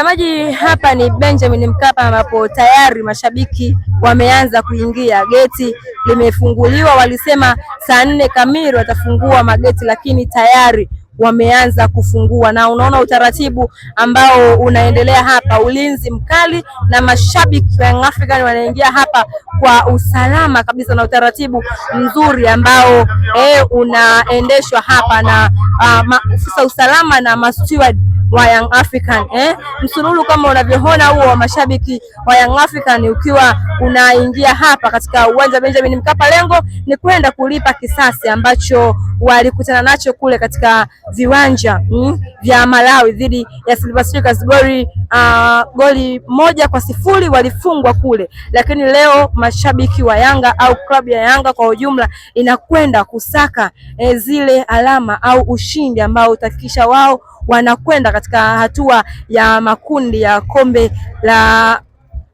Mtazamaji, hapa ni Benjamin Mkapa ambapo tayari mashabiki wameanza kuingia, geti limefunguliwa. Walisema saa nne kamili watafungua mageti, lakini tayari wameanza kufungua, na unaona utaratibu ambao unaendelea hapa, ulinzi mkali, na mashabiki wa Young African wanaingia hapa kwa usalama kabisa na utaratibu mzuri ambao eh, unaendeshwa hapa na ah, maafisa usalama na masteward wa Young African eh? Msururu kama unavyoona huo wa mashabiki wa Young African ukiwa unaingia hapa katika uwanja Benjamin Mkapa, lengo ni kwenda kulipa kisasi ambacho walikutana nacho kule katika viwanja mm, vya Malawi dhidi ya Silver Strikers goli uh, goli moja kwa sifuri walifungwa kule, lakini leo mashabiki wa Yanga au klabu ya Yanga kwa ujumla inakwenda kusaka eh, zile alama au ushindi ambao utahakikisha wao wanakwenda katika hatua ya makundi ya kombe la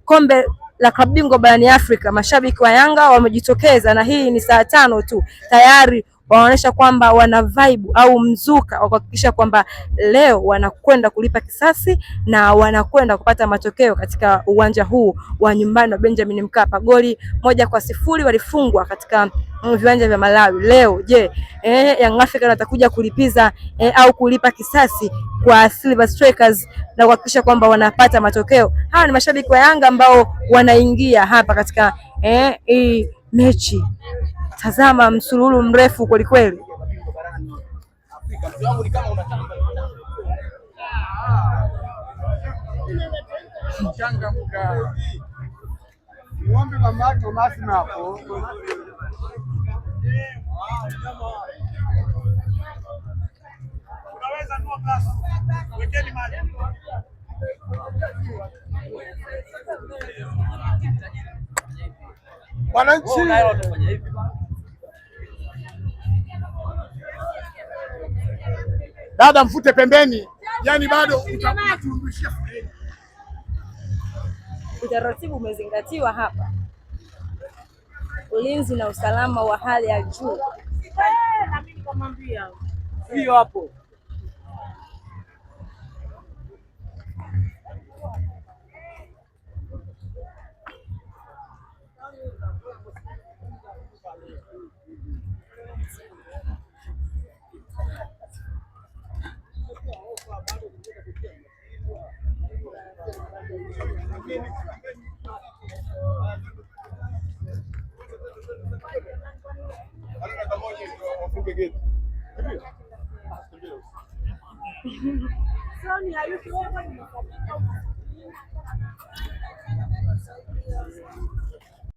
kombe la klabu bingwa barani Afrika. Mashabiki wa Yanga wamejitokeza na hii ni saa tano tu tayari wanaonyesha kwamba wana vibe au mzuka wa kuhakikisha kwamba leo wanakwenda kulipa kisasi na wanakwenda kupata matokeo katika uwanja huu wa nyumbani wa Benjamin Mkapa. Goli moja kwa sifuri walifungwa katika mm, viwanja vya Malawi. Leo je, eh, Young Africans watakuja kulipiza eh, au kulipa kisasi kwa Silver Strikers na kuhakikisha kwamba wanapata matokeo. Hawa ni mashabiki wa Yanga ambao wanaingia hapa katika eh, hii mechi Tazama msululu mrefu kwelikweli. Wananchi dada, mfute pembeni, yani bado utaturudishia Utaratibu umezingatiwa hapa, ulinzi na usalama wa hali ya juu. Hiyo hapo are you so